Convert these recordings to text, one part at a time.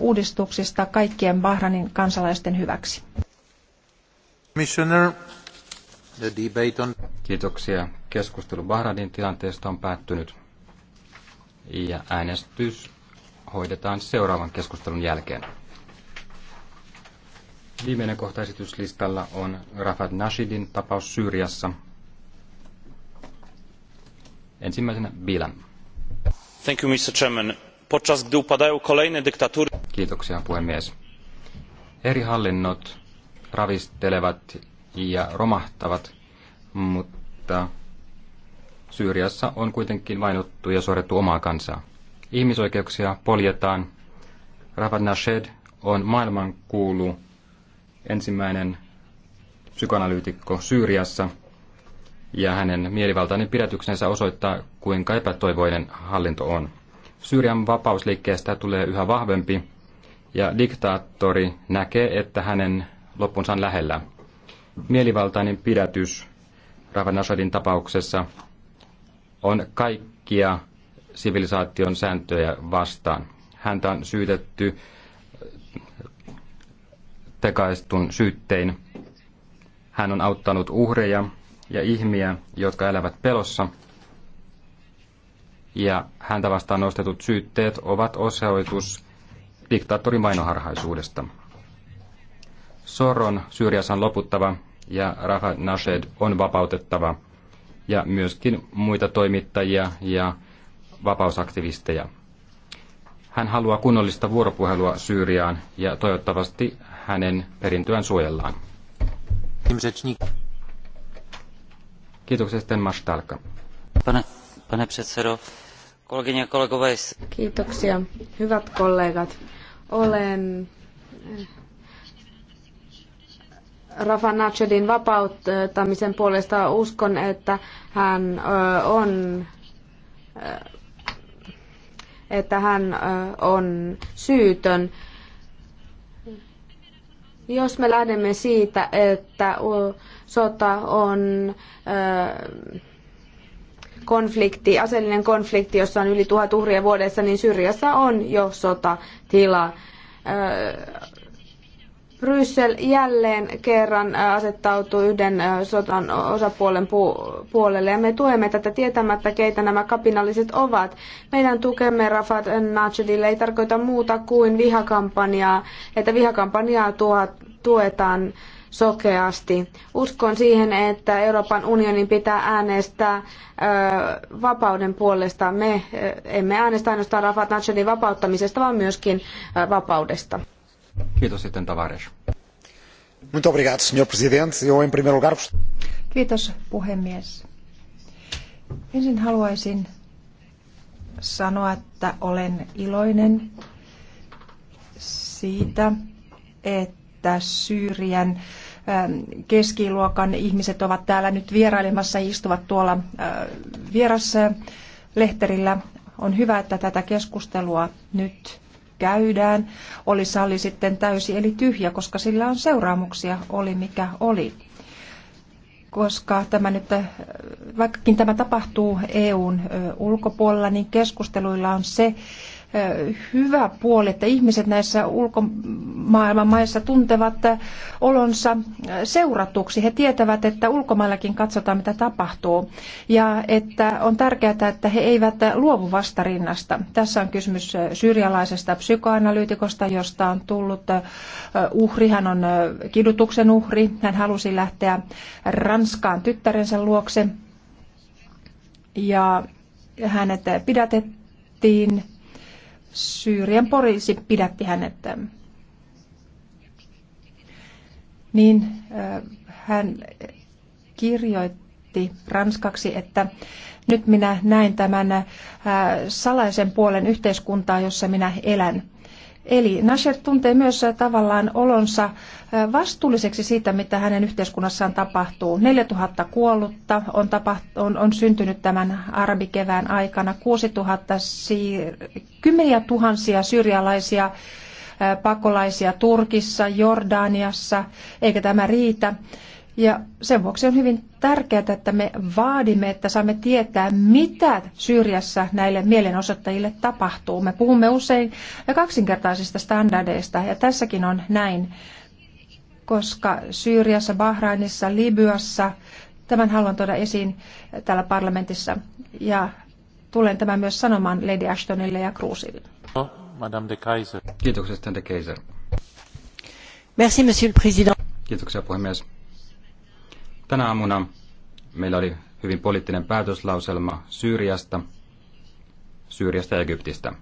uudistuksista kaikkien Bahrainin kansalaisten hyväksi. Kiitoksia. Keskustelu Bahranin tilanteesta on päättynyt ja äänestys hoidetaan seuraavan keskustelun jälkeen. Viimeinen kohta esityslistalla on Rafat Nashidin tapaus Syyriassa. Ensimmäisenä Bilan. Thank you, Mr. Chairman. Podczas gdy upadają kolejne dyktatury... Kiitoksia puhemies. Eri hallinnot ravistelevat ja romahtavat, mutta Syyriassa on kuitenkin vainottu ja suorittu omaa kansaa. Ihmisoikeuksia poljetaan. Ravat Nashed on maailmankuulu ensimmäinen psykoanalyytikko Syyriassa, ja hänen mielivaltainen pidätyksensä osoittaa, kuinka epätoivoinen hallinto on. Syyrian vapausliikkeestä tulee yhä vahvempi ja diktaattori näkee, että hänen loppunsa on lähellä. Mielivaltainen pidätys Ravanashadin tapauksessa on kaikkia sivilisaation sääntöjä vastaan. Häntä on syytetty äh, tekaistun syyttein. Hän on auttanut uhreja ja ihmiä, jotka elävät pelossa. Ja häntä vastaan nostetut syytteet ovat osoitus diktaattori mainoharhaisuudesta. Soron Syyriassa on loputtava ja Raha Nashed on vapautettava ja myöskin muita toimittajia ja vapausaktivisteja. Hän haluaa kunnollista vuoropuhelua Syyriaan ja toivottavasti hänen perintöään suojellaan. Kiitoksia sitten Mastalka. Pane, pane Kiitoksia, hyvät kollegat. Olen eh, Rafa Nachedin vapauttamisen puolesta uskon, että hän eh, on eh, että hän on syytön. Jos me lähdemme siitä, että sota on konflikti, aseellinen konflikti, jossa on yli tuhat uhria vuodessa, niin Syyriassa on jo sotatila. Bryssel jälleen kerran asettautuu yhden sotan osapuolen puolelle ja me tuemme tätä tietämättä, keitä nämä kapinalliset ovat. Meidän tukemme Rafat Nachedille ei tarkoita muuta kuin vihakampanjaa, että vihakampanjaa tuetaan sokeasti. Uskon siihen, että Euroopan unionin pitää äänestää vapauden puolesta. Me emme äänestä ainoastaan Rafat Nachedin vapauttamisesta, vaan myöskin vapaudesta. Kiitos sitten Tavares. Muito obrigado, senhor presidente. Eu em primeiro lugar... Kiitos puhemies. Ensin haluaisin sanoa, että olen iloinen siitä, että että Syyrian ähm, keskiluokan ihmiset ovat täällä nyt vierailemassa ja istuvat tuolla äh, vierassa lehterillä. On hyvä, että tätä keskustelua nyt käydään. Oli salli sitten täysi eli tyhjä, koska sillä on seuraamuksia, oli mikä oli. Koska tämä nyt, äh, vaikkakin tämä tapahtuu EUn äh, ulkopuolella, niin keskusteluilla on se hyvä puoli, että ihmiset näissä ulkomaailman maissa tuntevat olonsa seuratuksi. He tietävät, että ulkomaillakin katsotaan, mitä tapahtuu. Ja että on tärkeää, että he eivät luovu vastarinnasta. Tässä on kysymys syyrialaisesta psykoanalyytikosta, josta on tullut uhri. Hän on kidutuksen uhri. Hän halusi lähteä Ranskaan tyttärensä luokse. Ja hänet pidätettiin Syyrian poliisi pidätti hänet. Niin äh, hän kirjoitti ranskaksi, että nyt minä näin tämän äh, salaisen puolen yhteiskuntaa, jossa minä elän. Eli Nasher tuntee myös äh, tavallaan olonsa äh, vastuulliseksi siitä, mitä hänen yhteiskunnassaan tapahtuu. 4000 kuollutta on, tapahtu, on, on syntynyt tämän arabikevään aikana, 6000, siir- kymmeniä tuhansia syrjalaisia äh, pakolaisia Turkissa, Jordaniassa, eikä tämä riitä. Ja sen vuoksi on hyvin tärkeää, että me vaadimme, että saamme tietää, mitä Syyriassa näille mielenosoittajille tapahtuu. Me puhumme usein kaksinkertaisista standardeista, ja tässäkin on näin, koska Syyriassa, Bahrainissa, Libyassa, tämän haluan tuoda esiin täällä parlamentissa, ja tulen tämän myös sanomaan Lady Ashtonille ja Cruzille. No, Madame de Kaiser. Kiitoksia, de Kaiser. Merci, Monsieur le Président. Kiitoksia, puhemies Tänä aamuna meillä oli hyvin poliittinen päätöslauselma Syyriasta, Syyriasta ja Egyptistä.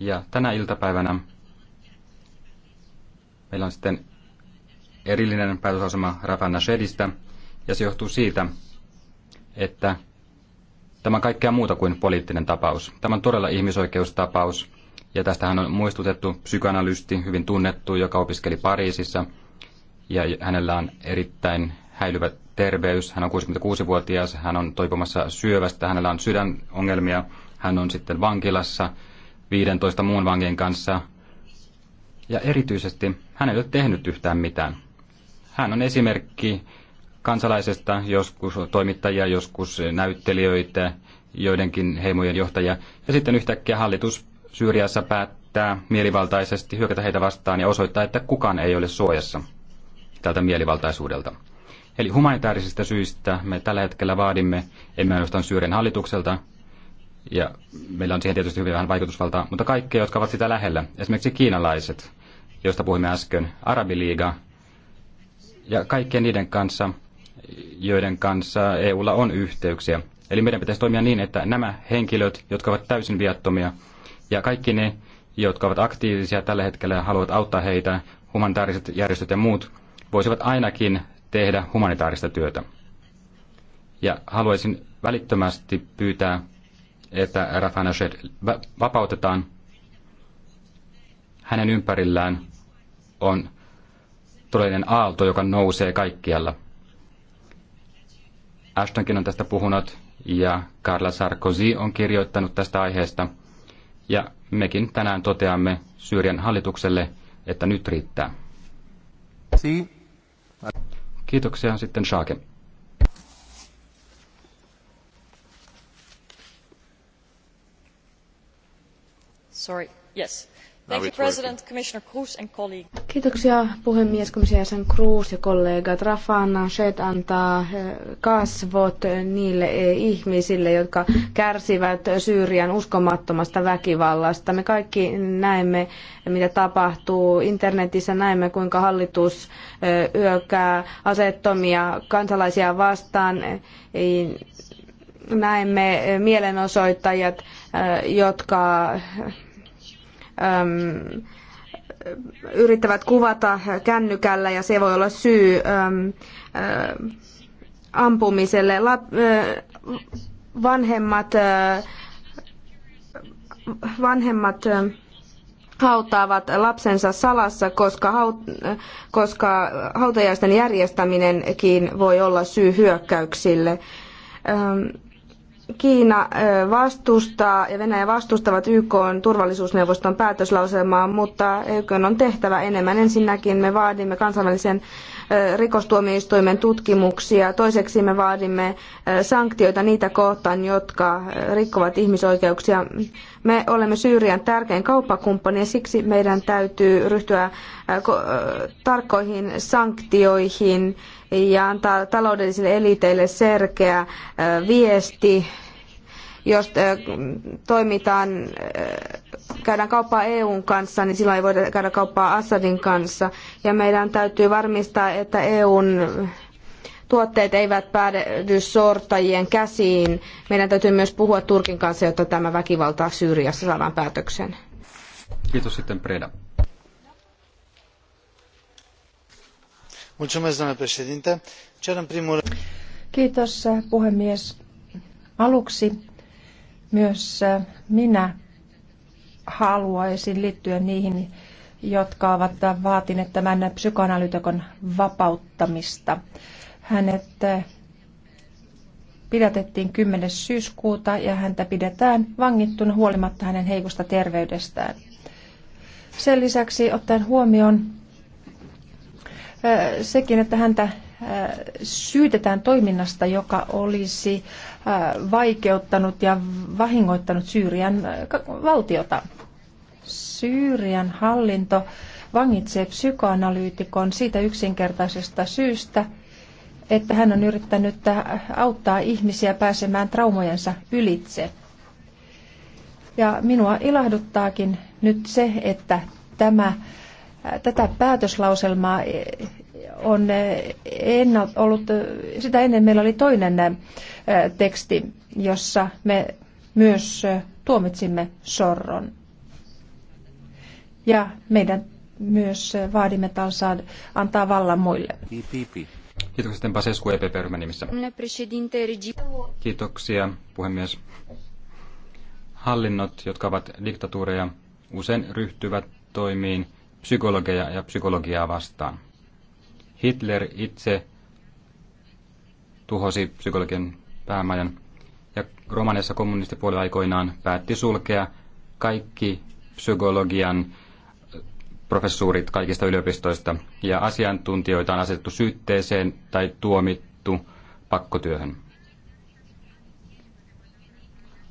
Ja tänä iltapäivänä meillä on sitten erillinen päätöslauselma Rafan Nashedistä, ja se johtuu siitä, että tämä on kaikkea muuta kuin poliittinen tapaus. Tämä on todella ihmisoikeustapaus, ja tästähän on muistutettu psykoanalysti, hyvin tunnettu, joka opiskeli Pariisissa – ja hänellä on erittäin häilyvä terveys. Hän on 66-vuotias, hän on toipumassa syövästä, hänellä on sydänongelmia, hän on sitten vankilassa 15 muun vangin kanssa. Ja erityisesti hän ei ole tehnyt yhtään mitään. Hän on esimerkki kansalaisesta, joskus toimittajia, joskus näyttelijöitä, joidenkin heimojen johtajia. Ja sitten yhtäkkiä hallitus Syyriassa päättää mielivaltaisesti hyökätä heitä vastaan ja osoittaa, että kukaan ei ole suojassa tältä mielivaltaisuudelta. Eli humanitaarisista syistä me tällä hetkellä vaadimme, emme ainoastaan Syyrian hallitukselta, ja meillä on siihen tietysti hyvin vähän vaikutusvaltaa, mutta kaikki, jotka ovat sitä lähellä, esimerkiksi kiinalaiset, joista puhuimme äsken, Arabiliiga, ja kaikkien niiden kanssa, joiden kanssa EUlla on yhteyksiä. Eli meidän pitäisi toimia niin, että nämä henkilöt, jotka ovat täysin viattomia, ja kaikki ne, jotka ovat aktiivisia tällä hetkellä ja haluavat auttaa heitä, humanitaariset järjestöt ja muut, voisivat ainakin tehdä humanitaarista työtä. Ja haluaisin välittömästi pyytää, että Rafa Nashed vapautetaan. Hänen ympärillään on todellinen aalto, joka nousee kaikkialla. Ashtonkin on tästä puhunut ja Carla Sarkozy on kirjoittanut tästä aiheesta. Ja mekin tänään toteamme Syyrian hallitukselle, että nyt riittää. Si. Kiitoksia sitten Shaake. Sorry, yes. Kiitoksia puhemies, komission Cruz ja kollegat. Rafana Shed antaa eh, kasvot niille eh, ihmisille, jotka kärsivät Syyrian uskomattomasta väkivallasta. Me kaikki näemme, mitä tapahtuu. Internetissä näemme, kuinka hallitus eh, yökää asettomia kansalaisia vastaan. Näemme mielenosoittajat, jotka äm, yrittävät kuvata kännykällä ja se voi olla syy äm, ä, äh, ampumiselle. La, ä, äh, vanhemmat ä, äh, vanhemmat hautaavat lapsensa salassa, koska, haut, koska hautajaisten järjestäminenkin voi olla syy hyökkäyksille. Ähm, Kiina vastustaa ja Venäjä vastustavat YK on turvallisuusneuvoston päätöslauselmaa, mutta YK on tehtävä enemmän. Ensinnäkin me vaadimme kansainvälisen rikostuomioistuimen tutkimuksia. Toiseksi me vaadimme sanktioita niitä kohtaan, jotka rikkovat ihmisoikeuksia. Me olemme Syyrian tärkein kauppakumppani ja siksi meidän täytyy ryhtyä tarkkoihin sanktioihin ja antaa taloudellisille eliteille selkeä viesti jos toimitaan käydään kauppaa EUn kanssa, niin silloin ei voida käydä kauppaa Assadin kanssa. Ja meidän täytyy varmistaa, että EUn tuotteet eivät päädy sortajien käsiin. Meidän täytyy myös puhua Turkin kanssa, jotta tämä väkivalta Syyriassa saadaan päätökseen. Kiitos sitten Preda. Kiitos, eh, puhemies. Aluksi myös eh, minä haluaisin liittyä niihin, jotka ovat vaatineet tämän psykoanalytikon vapauttamista. Hänet eh, pidätettiin 10. syyskuuta ja häntä pidetään vangittuna huolimatta hänen heikosta terveydestään. Sen lisäksi ottaen huomioon eh, sekin, että häntä eh, syytetään toiminnasta, joka olisi vaikeuttanut ja vahingoittanut Syyrian valtiota. Syyrian hallinto vangitsee psykoanalyytikon siitä yksinkertaisesta syystä, että hän on yrittänyt auttaa ihmisiä pääsemään traumojensa ylitse. Ja minua ilahduttaakin nyt se, että tämä, tätä päätöslauselmaa on ennalt, ollut, sitä ennen meillä oli toinen teksti, jossa me myös tuomitsimme sorron ja meidän myös vaadimme, että antaa vallan muille. E Kiitoksia sitten Pasesku EPP-ryhmän nimissä. Kiitoksia puhemies. Hallinnot, jotka ovat diktatuureja, usein ryhtyvät toimiin psykologeja ja psykologiaa vastaan. Hitler itse tuhosi psykologian päämajan ja Romaniassa kommunistipuoli aikoinaan päätti sulkea kaikki psykologian professuurit kaikista yliopistoista ja asiantuntijoita on asetettu syytteeseen tai tuomittu pakkotyöhön.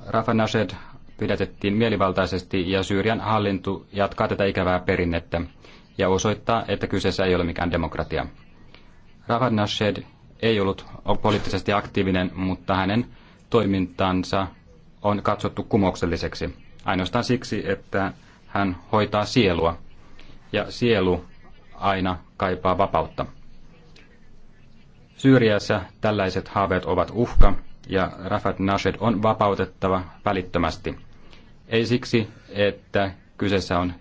Rafa Nashed pidätettiin mielivaltaisesti ja Syyrian hallinto jatkaa tätä ikävää perinnettä ja osoittaa, että kyseessä ei ole mikään demokratia. Rafa Nashed ei ollut poliittisesti aktiivinen, mutta hänen toimintansa on katsottu kumoukselliseksi ainoastaan siksi, että hän hoitaa sielua – ja sielu aina kaipaa vapautta. Syyriassa tällaiset haaveet ovat uhka ja Rafat Nashed on vapautettava välittömästi. Ei siksi, että kyseessä on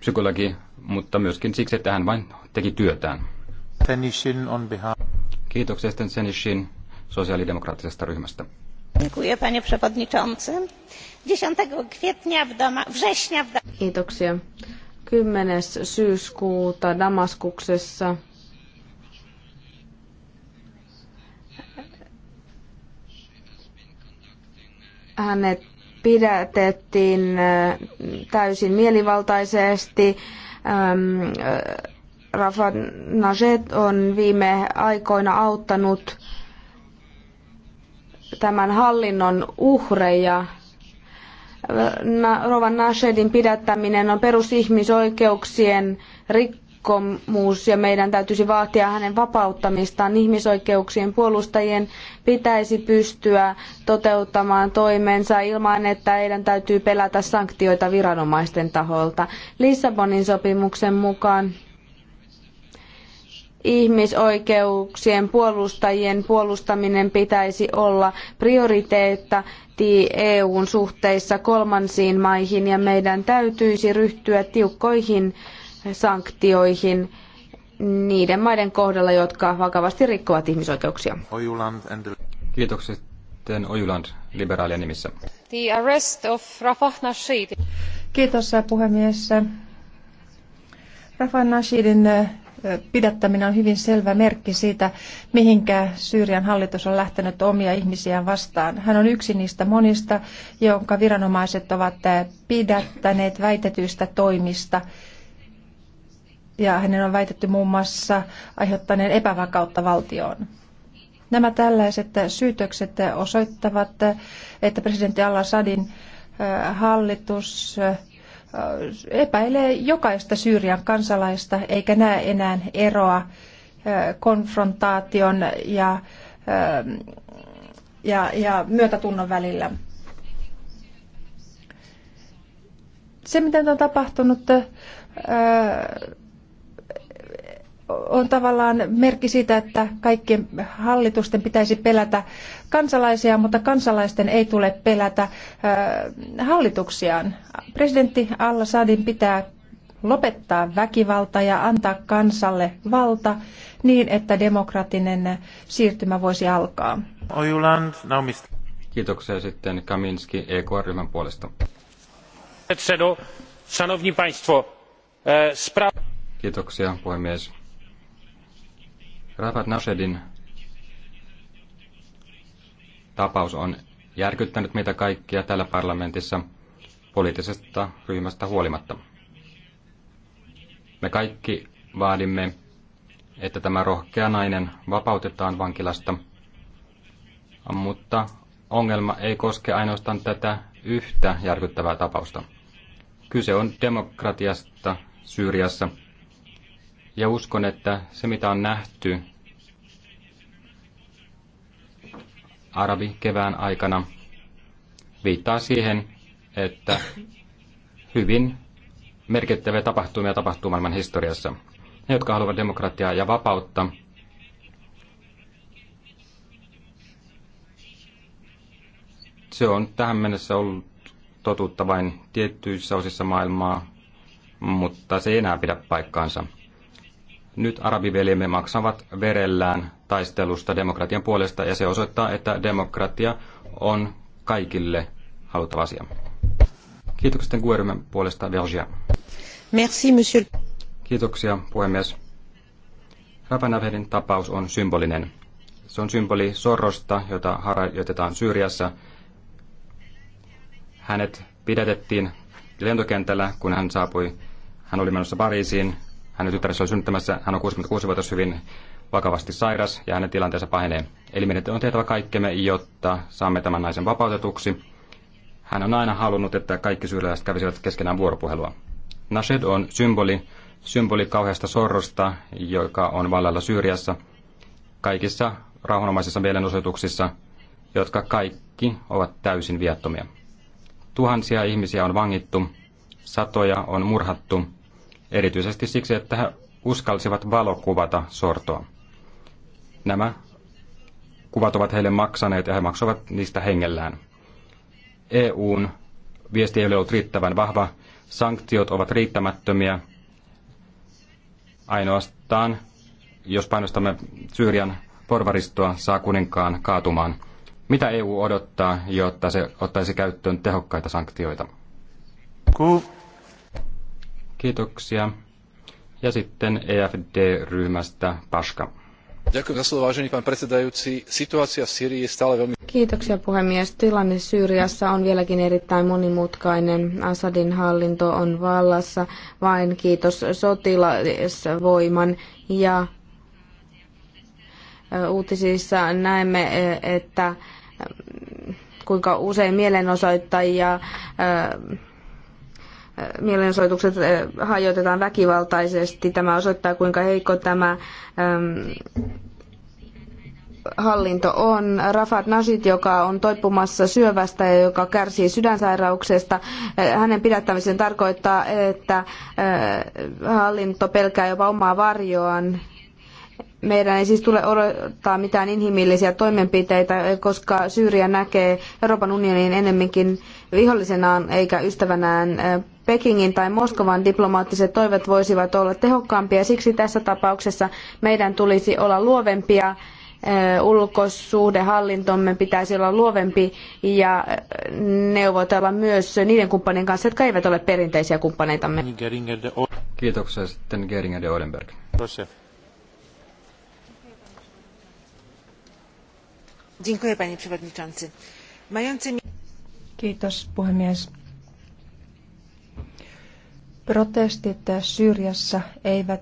psykologi, mutta myöskin siksi, että hän vain teki työtään. Tenishin on behalf. Kiitoksia sitten Senishin sosiaalidemokraattisesta ryhmästä panie przewodniczący! dziesięć września w 10. syyskuuta Damaskuksessa hänet pidätettiin äh, täysin mielivaltaisesti. Ähm, äh, Rafa Najet on viime aikoina auttanut tämän hallinnon uhreja. Rovan Nashedin pidättäminen on perusihmisoikeuksien rikkomus ja meidän täytyisi vaatia hänen vapauttamistaan. Ihmisoikeuksien puolustajien pitäisi pystyä toteuttamaan toimensa ilman, että heidän täytyy pelätä sanktioita viranomaisten taholta. Lissabonin sopimuksen mukaan ihmisoikeuksien puolustajien puolustaminen pitäisi olla prioriteetta EUn suhteissa kolmansiin maihin ja meidän täytyisi ryhtyä tiukkoihin sanktioihin niiden maiden kohdalla, jotka vakavasti rikkovat ihmisoikeuksia. Kiitoksia sitten Ojuland liberaalien nimissä. The arrest of Rafah Nasheed. Kiitos puhemies. Rafah Nasheedin pidättäminen on hyvin selvä merkki siitä, mihinkä Syyrian hallitus on lähtenyt omia ihmisiään vastaan. Hän on yksi niistä monista, jonka viranomaiset ovat pidättäneet väitetyistä toimista. Ja hänen on väitetty muun muassa aiheuttaneen epävakautta valtioon. Nämä tällaiset syytökset osoittavat, että presidentti Al-Assadin hallitus epäilee jokaista Syyrian kansalaista eikä näe enää eroa konfrontaation ja, ja, ja myötätunnon välillä. Se, mitä on tapahtunut, on tavallaan merkki siitä, että kaikkien hallitusten pitäisi pelätä kansalaisia, mutta kansalaisten ei tule pelätä hallituksiaan. Presidentti Al-Sadin pitää lopettaa väkivalta ja antaa kansalle valta niin, että demokratinen siirtymä voisi alkaa. Ojuland, naumista. Kiitoksia sitten Kaminski EKR-ryhmän puolesta. E, Kiitoksia puhemies Rafat Nasedin tapaus on järkyttänyt meitä kaikkia täällä parlamentissa poliittisesta ryhmästä huolimatta. Me kaikki vaadimme, että tämä rohkea nainen vapautetaan vankilasta, mutta ongelma ei koske ainoastaan tätä yhtä järkyttävää tapausta. Kyse on demokratiasta Syyriassa – ja uskon, että se mitä on nähty arabi kevään aikana viittaa siihen, että hyvin merkittäviä tapahtumia tapahtuu maailman historiassa. Ne, jotka haluavat demokratiaa ja vapautta, se on tähän mennessä ollut totuutta vain tiettyissä osissa maailmaa, mutta se ei enää pidä paikkaansa. Nyt arabiveljemme maksavat verellään taistelusta demokratian puolesta ja se osoittaa, että demokratia on kaikille haluttava asia. Kiitokset Guerymen puolesta Vergia. Merci, monsieur. Kiitoksia, puhemies. Rapanavedin tapaus on symbolinen. Se on symboli sorrosta, jota harjoitetaan Syyriassa. Hänet pidätettiin lentokentällä, kun hän saapui. Hän oli menossa Pariisiin hänen tyttärensä on synnyttämässä, hän on 66-vuotias hyvin vakavasti sairas ja hänen tilanteensa pahenee. Eli meidän on tehtävä kaikkemme, jotta saamme tämän naisen vapautetuksi. Hän on aina halunnut, että kaikki syyrialaiset kävisivät keskenään vuoropuhelua. Nashed on symboli, symboli kauheasta sorrosta, joka on vallalla Syyriassa, kaikissa rauhanomaisissa mielenosoituksissa, jotka kaikki ovat täysin viattomia. Tuhansia ihmisiä on vangittu, satoja on murhattu – erityisesti siksi, että he uskalsivat valokuvata sortoa. Nämä kuvat ovat heille maksaneet ja he maksavat niistä hengellään. EUn viesti ei ole ollut riittävän vahva, sanktiot ovat riittämättömiä. Ainoastaan, jos painostamme Syyrian porvaristoa, saa kuninkaan kaatumaan. Mitä EU odottaa, jotta se ottaisi käyttöön tehokkaita sanktioita? Cool. Kiitoksia. Ja sitten EFD-ryhmästä Paska. Kiitoksia puhemies. Tilanne Syyriassa on vieläkin erittäin monimutkainen. Assadin hallinto on vallassa vain kiitos sotilasvoiman ja uutisissa näemme, että kuinka usein mielenosoittajia mielenosoitukset eh, hajotetaan väkivaltaisesti. Tämä osoittaa, kuinka heikko tämä ehm, hallinto on. Rafat Nasit, joka on toipumassa syövästä ja joka kärsii sydänsairauksesta, eh, hänen pidättämisen tarkoittaa, että eh, hallinto pelkää jopa omaa varjoaan meidän ei siis tule odottaa mitään inhimillisiä toimenpiteitä, koska Syyria näkee Euroopan unionin enemminkin vihollisenaan eikä ystävänään. Pekingin tai Moskovan diplomaattiset toivet voisivat olla tehokkaampia, siksi tässä tapauksessa meidän tulisi olla luovempia ulkosuhdehallintomme pitäisi olla luovempi ja neuvotella myös niiden kumppanien kanssa, jotka eivät ole perinteisiä kumppaneitamme. Kiitoksia sitten Geringer de Oedenberg. Kiitos puhemies. Protestit Syyriassa eivät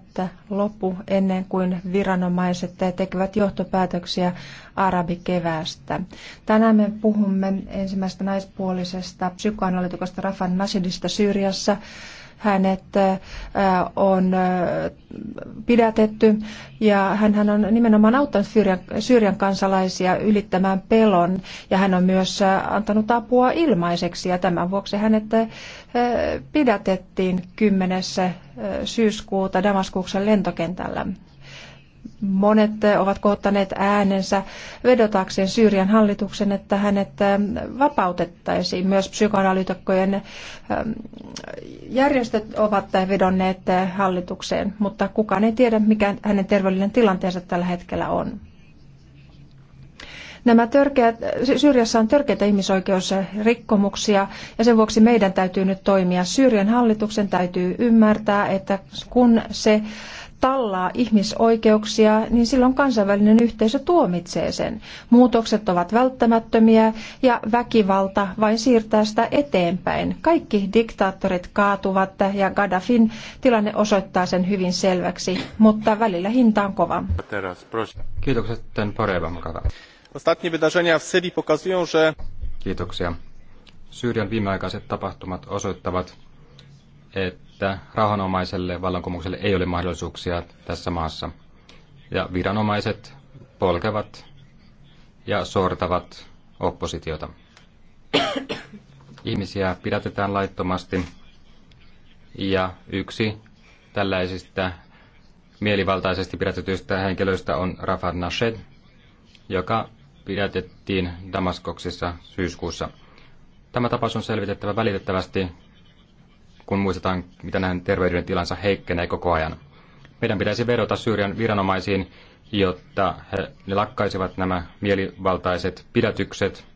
lopu ennen kuin viranomaiset tekevät johtopäätöksiä arabikeväästä. Tänään me puhumme ensimmäisestä naispuolisesta psykoanalytikosta Rafan Nasidista Syyriassa hänet äh, on äh, pidätetty ja hän on nimenomaan auttanut Syyrian, Syyrian kansalaisia ylittämään pelon ja hän on myös äh, antanut apua ilmaiseksi ja tämän vuoksi hänet pidätettiin 10. syyskuuta Damaskuksen lentokentällä. Monet ovat kohottaneet äänensä vedotakseen Syyrian hallituksen, että hänet ähm, vapautettaisiin. Myös psykoanalyytikkojen ähm, järjestöt ovat vedonneet äh, hallitukseen, mutta kukaan ei tiedä, mikä hänen terveydellinen tilanteensa tällä hetkellä on. Nämä törkeät, Syyriassa on törkeitä ihmisoikeusrikkomuksia ja sen vuoksi meidän täytyy nyt toimia. Syyrian hallituksen täytyy ymmärtää, että kun se tallaa ihmisoikeuksia, niin silloin kansainvälinen yhteisö tuomitsee sen. Muutokset ovat välttämättömiä ja väkivalta vain siirtää sitä eteenpäin. Kaikki diktaattorit kaatuvat ja Gaddafin tilanne osoittaa sen hyvin selväksi, mutta välillä hinta on kova. Kiitokset, ten Ostatnie wydarzenia w Syrii pokazują, że... Kiitoksia. Syyrian viimeaikaiset tapahtumat osoittavat, että että rauhanomaiselle vallankumoukselle ei ole mahdollisuuksia tässä maassa. Ja viranomaiset polkevat ja sortavat oppositiota. Ihmisiä pidätetään laittomasti ja yksi tällaisista mielivaltaisesti pidätetyistä henkilöistä on Rafat Nashed, joka pidätettiin Damaskoksissa syyskuussa. Tämä tapaus on selvitettävä välitettävästi, kun muistetaan, miten hänen terveyden tilansa heikkenee koko ajan. Meidän pitäisi vedota Syyrian viranomaisiin, jotta he, ne lakkaisivat nämä mielivaltaiset pidätykset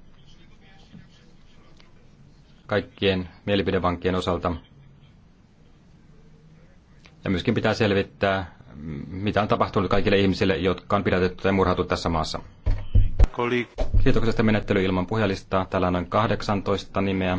kaikkien mielipidevankien osalta. Ja myöskin pitää selvittää, mitä on tapahtunut kaikille ihmisille, jotka on pidätetty tai murhattu tässä maassa. Kiitoksesta menettely ilman puhujalistaa. Täällä on noin 18 nimeä.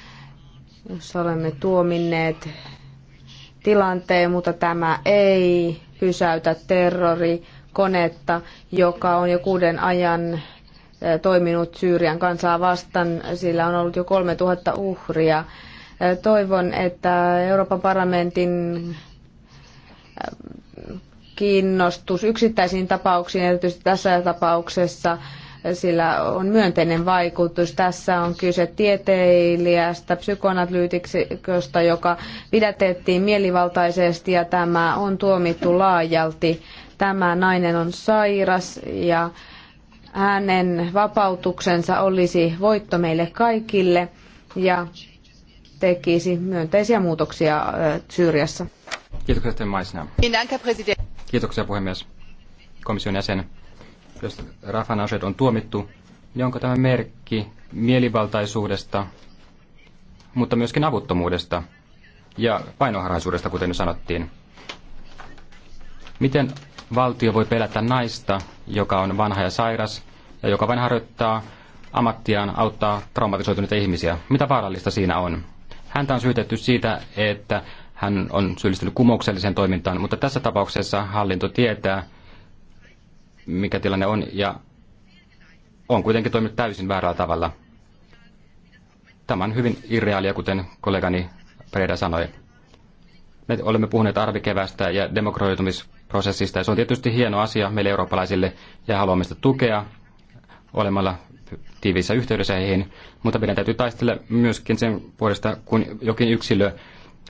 jossa olemme tuominneet tilanteen, mutta tämä ei pysäytä terrorikonetta, joka on jo kuuden ajan eh, toiminut Syyrian kansaa vastaan. Sillä on ollut jo 3000 uhria. Eh, toivon, että Euroopan parlamentin eh, kiinnostus yksittäisiin tapauksiin, erityisesti tässä tapauksessa, sillä on myönteinen vaikutus. Tässä on kyse tieteilijästä, psykoanalyytikosta, joka pidätettiin mielivaltaisesti ja tämä on tuomittu laajalti. Tämä nainen on sairas ja hänen vapautuksensa olisi voitto meille kaikille ja tekisi myönteisiä muutoksia Syyriassa. Kiitoksia, Kiitoksia, puhemies. Komission jäsen jos Rafanaset on tuomittu, niin onko tämä merkki mielivaltaisuudesta, mutta myöskin avuttomuudesta ja painoharhaisuudesta, kuten jo sanottiin? Miten valtio voi pelätä naista, joka on vanha ja sairas ja joka vain harjoittaa ammattiaan auttaa traumatisoituneita ihmisiä? Mitä vaarallista siinä on? Häntä on syytetty siitä, että hän on syyllistynyt kumoukselliseen toimintaan, mutta tässä tapauksessa hallinto tietää, mikä tilanne on, ja on kuitenkin toiminut täysin väärällä tavalla. Tämä on hyvin irreaalia, kuten kollegani Preda sanoi. Me olemme puhuneet arvikevästä ja demokratioitumisprosessista, ja se on tietysti hieno asia meille eurooppalaisille, ja haluamme sitä tukea olemalla tiiviissä yhteydessä heihin, mutta meidän täytyy taistella myöskin sen puolesta, kun jokin yksilö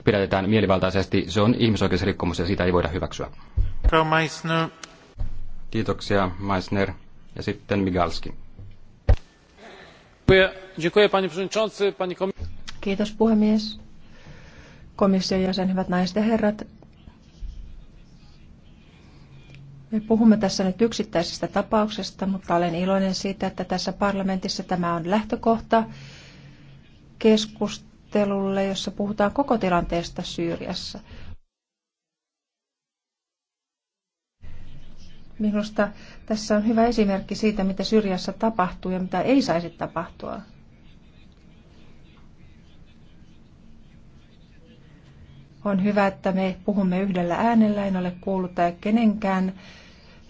pidätetään mielivaltaisesti, se on ihmisoikeusrikkomus ja sitä ei voida hyväksyä. Kiitoksia, Meissner. Ja sitten Migalski. Kiitos puhemies. Komission jäsen, hyvät naiset ja herrat. Me puhumme tässä nyt yksittäisestä tapauksesta, mutta olen iloinen siitä, että tässä parlamentissa tämä on lähtökohta keskustelulle, jossa puhutaan koko tilanteesta Syyriassa. Minusta tässä on hyvä esimerkki siitä, mitä Syrjässä tapahtuu ja mitä ei saisi tapahtua. On hyvä, että me puhumme yhdellä äänellä. En ole kuullut tai äh, kenenkään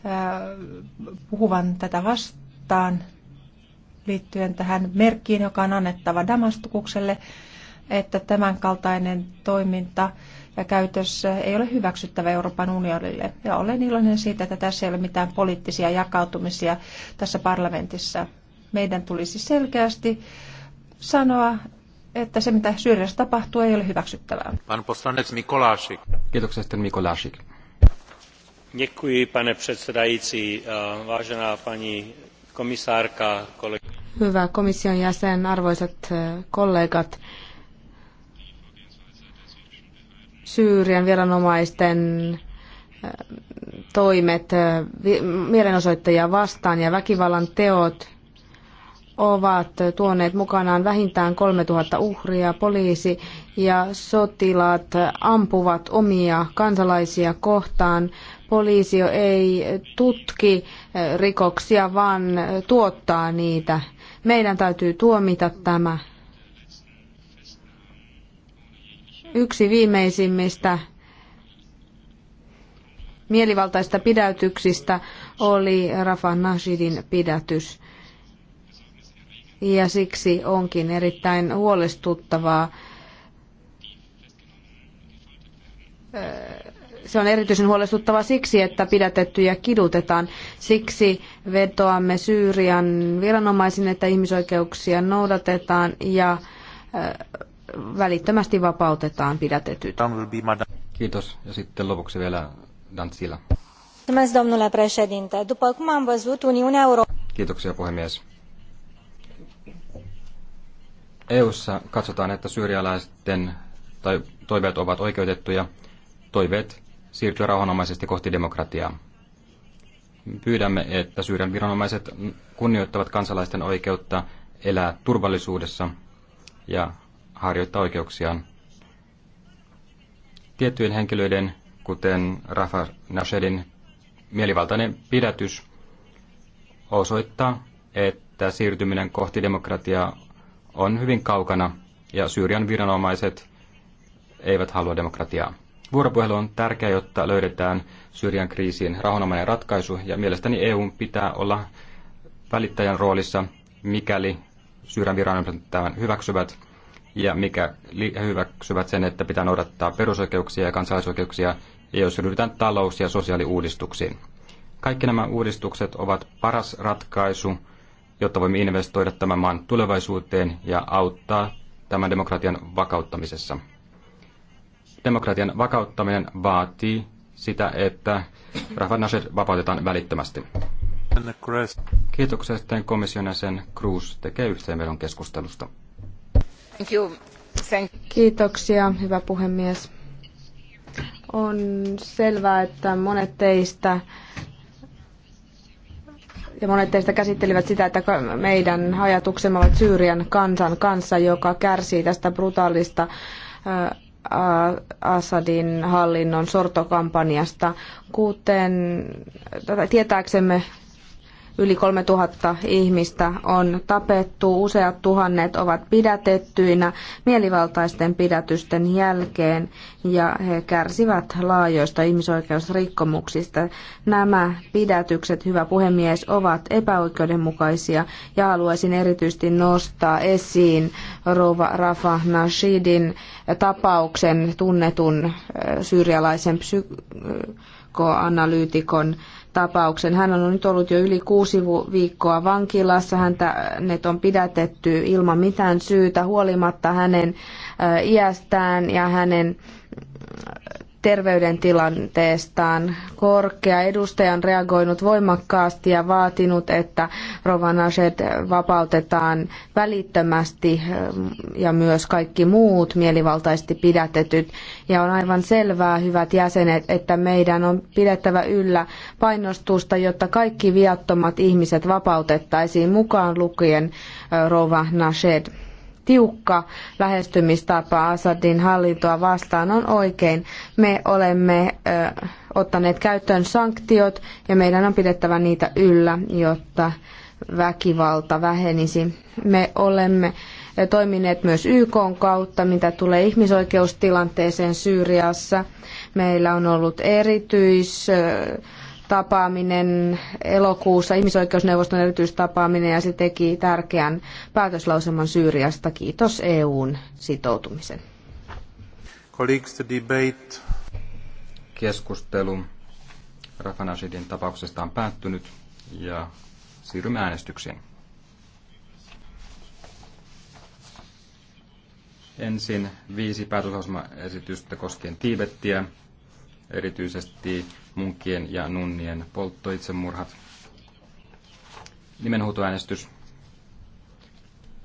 äh, puhuvan tätä vastaan liittyen tähän merkkiin, joka on annettava Damastukukselle että tämänkaltainen toiminta ja käytös ei ole hyväksyttävä Euroopan unionille. Ja olen iloinen siitä, että tässä ei ole mitään poliittisia jakautumisia tässä parlamentissa. Meidän tulisi selkeästi sanoa, että se mitä Syyriassa tapahtuu ei ole hyväksyttävää. Pan poslanec Mikolášik. Kiitoksia sitten Mikolášik. Děkuji, pane předsedající, eh, vážená paní komisárka, Hyvä komission jäsen, arvoisat eh, kollegat Syyrian viranomaisten toimet mielenosoittajia vastaan ja väkivallan teot ovat tuoneet mukanaan vähintään 3000 uhria. Poliisi ja sotilaat ampuvat omia kansalaisia kohtaan. Poliisi ei tutki rikoksia, vaan tuottaa niitä. Meidän täytyy tuomita tämä yksi viimeisimmistä mielivaltaista pidätyksistä oli Rafa Nashidin pidätys. Ja siksi onkin erittäin huolestuttavaa. Äh, se on erityisen huolestuttava siksi, että pidätettyjä kidutetaan. Siksi vetoamme Syyrian viranomaisin, että ihmisoikeuksia noudatetaan ja äh, välittömästi vapautetaan pidätetyt. Kiitos. Ja sitten lopuksi vielä Dantzila. Kiitoksia puhemies. EU:ssa katsotaan, että syyrialaisten tai toiveet ovat oikeutettuja. Toiveet siirtyä rauhanomaisesti kohti demokratiaa. Pyydämme, että Syyrian viranomaiset kunnioittavat kansalaisten oikeutta elää turvallisuudessa ja harjoittaa oikeuksiaan. Tiettyjen henkilöiden, kuten Rafa Nashedin mielivaltainen pidätys, osoittaa, että siirtyminen kohti demokratiaa on hyvin kaukana ja Syyrian viranomaiset eivät halua demokratiaa. Vuoropuhelu on tärkeä, jotta löydetään Syyrian kriisiin rauhanomainen ratkaisu ja mielestäni EU pitää olla välittäjän roolissa, mikäli Syyrian viranomaiset tämän hyväksyvät ja mikä hyväksyvät sen, että pitää noudattaa perusoikeuksia ja kansalaisoikeuksia, ja jos ryhdytään talous- ja sosiaaliuudistuksiin. Kaikki nämä uudistukset ovat paras ratkaisu, jotta voimme investoida tämän maan tulevaisuuteen ja auttaa tämän demokratian vakauttamisessa. Demokratian vakauttaminen vaatii sitä, että Rafa Nasser vapautetaan välittömästi. Kiitoksia sitten komission jäsen Cruz tekee yhteenvedon keskustelusta. Kiitoksia, hyvä puhemies. On selvää, että monet teistä ja monet teistä käsittelivät sitä, että meidän ajatuksemme ovat Syyrian kansan kanssa, joka kärsii tästä brutaalista Assadin hallinnon sortokampanjasta. Kuten tietääksemme Yli 3000 ihmistä on tapettu, useat tuhannet ovat pidätettyinä mielivaltaisten pidätysten jälkeen ja he kärsivät laajoista ihmisoikeusrikkomuksista. Nämä pidätykset, hyvä puhemies, ovat epäoikeudenmukaisia ja haluaisin erityisesti nostaa esiin Rova Rafa Nashidin tapauksen tunnetun äh, syyrialaisen äh, psykoanalyytikon tapauksen. Hän on nyt ollut jo yli kuusi viikkoa vankilassa. Häntä net on pidätetty ilman mitään syytä huolimatta hänen iästään ja hänen terveydentilanteestaan. Korkea edustaja on reagoinut voimakkaasti ja vaatinut, että rovanaset vapautetaan välittömästi eh, ja myös kaikki muut mielivaltaisesti pidätetyt. Ja on aivan selvää, hyvät jäsenet, että meidän on pidettävä yllä painostusta, jotta kaikki viattomat ihmiset vapautettaisiin mukaan lukien eh, Rova Nashed tiukka lähestymistapa Assadin hallintoa vastaan on oikein. Me olemme ö, ottaneet käyttöön sanktiot ja meidän on pidettävä niitä yllä, jotta väkivalta vähenisi. Me olemme toimineet myös YK kautta, mitä tulee ihmisoikeustilanteeseen Syyriassa. Meillä on ollut erityis tapaaminen elokuussa, ihmisoikeusneuvoston erityistapaaminen ja se teki tärkeän päätöslauselman Syyriasta. Kiitos EUn sitoutumisen. Keskustelu Rafanasidin tapauksesta on päättynyt ja siirrymme äänestykseen. Ensin viisi päätöslauselmaesitystä koskien Tiibettiä, erityisesti munkien ja nunnien polttoitsemurhat. Nimenhuutoäänestys.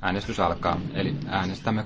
Äänestys alkaa, eli äänestämme